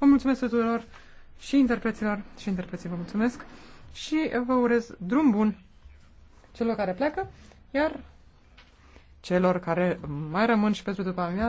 Vă mulțumesc tuturor și interpreților și interpreții vă mulțumesc și vă urez drum bun celor care pleacă, iar celor care mai rămân și pentru după amiază,